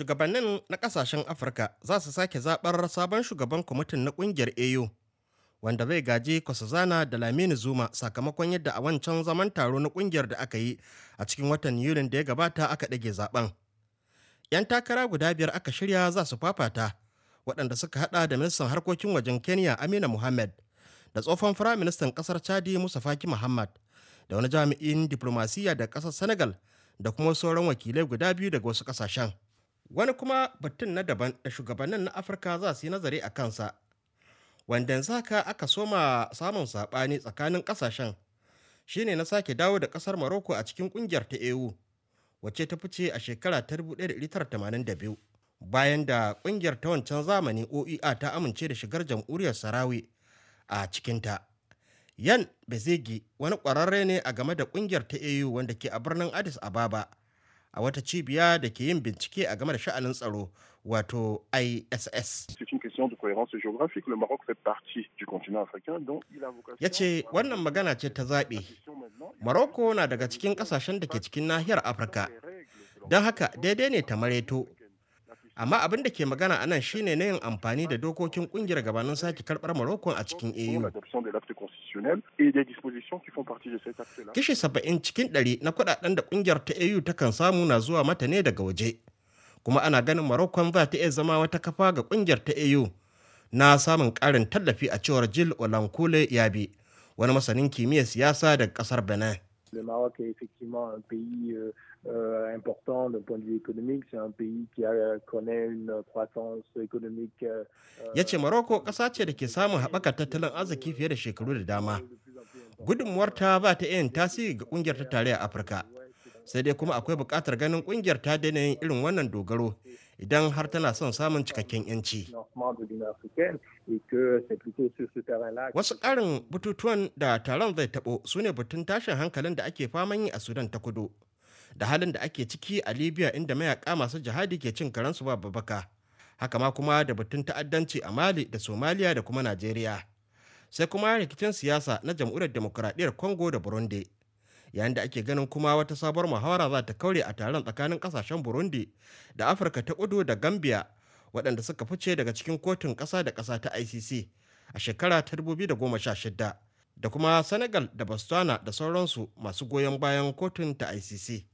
shugabannin na kasashen afirka za su sake zaɓar sabon shugaban kwamitin na ƙungiyar au wanda zai gaji kwasazana da lamini zuma sakamakon yadda a wancan zaman taro na ƙungiyar da aka yi a cikin watan yulin da ya gabata aka ɗage zaben 'yan takara guda biyar aka shirya za su fafata waɗanda suka hada da ministan harkokin wajen kenya amina muhammad da tsohon firaministan ƙasar chadi musa faki muhammad da wani jami'in diplomasiya da ƙasar senegal da kuma sauran wakilai guda biyu daga wasu ƙasashen wani kuma batun na daban da shugabannin na afirka za su yi nazari a kansa wanda yanzu haka aka soma samun saɓani tsakanin ƙasashen shine na sake dawo da ƙasar Maroko a cikin ƙungiyar ta EU wacce ta fice a shekara ta 1982 bayan da ƙungiyar ta wancan zamani OEA ta amince da shigar jamhuriyar Sarawi a cikinta. Yan Bezegi wani ƙwararre ne a game da ƙungiyar ta AU wanda ke a birnin Addis Ababa a wata cibiya da ke yin bincike a game da sha'anin tsaro wato ISS. Ya ce wannan magana ce ta zaɓe. Morocco na daga cikin ƙasashen da ke cikin nahiyar Afirka. Don haka daidai ne ta mareto amma abin da ke magana a nan shine na yin amfani da dokokin kungiyar gabanin sake karbar Morocco a cikin EU. Kishi saba'in cikin ɗari na kuɗaɗen da kungiyar ta EU takan samu na zuwa mata ne daga waje. Kuma ana ganin Morocco za ta iya zama wata kafa ga kungiyar ta EU na samun ƙarin tallafi a cewar Jill Olankule Yabi, wani masanin kimiyyar siyasa daga ƙasar Benin. Le Maroc est effectivement un pays euh, euh, important d'un point de vue économique. C'est un pays qui a, connaît une croissance économique. Euh, euh, ya ce Maroko ƙasa ce da ke samun haɓaka tattalin arziki fiye da shekaru da dama. Gudunmuwarta ba ta yin tasiri ga ƙungiyar ta tarayyar Afirka. sai dai kuma akwai buƙatar ganin ƙungiyar ta daina yin irin wannan dogaro idan har tana son samun cikakken yanci. Wasu ƙarin bututuwan da taron zai taɓo su ne batun tashin hankalin da ake faman yi a Sudan ta kudu da halin da ake ciki a Libya inda mayaka masu jihadi ke cin karansu ba babaka. Haka ma kuma da batun ta'addanci a Mali da Somaliya da kuma Najeriya. Sai kuma rikicin siyasa na jam'urar demokuraɗiyar Congo da Burundi. yayin da ake ganin kuma wata sabuwar muhawara za ta kaure a taron tsakanin kasashen burundi da afirka ta kudu da gambia waɗanda suka fice daga cikin kotun ƙasa da ƙasa ta icc a shekara ta 2016 da kuma senegal da botswana da sauransu masu goyon bayan kotun ta icc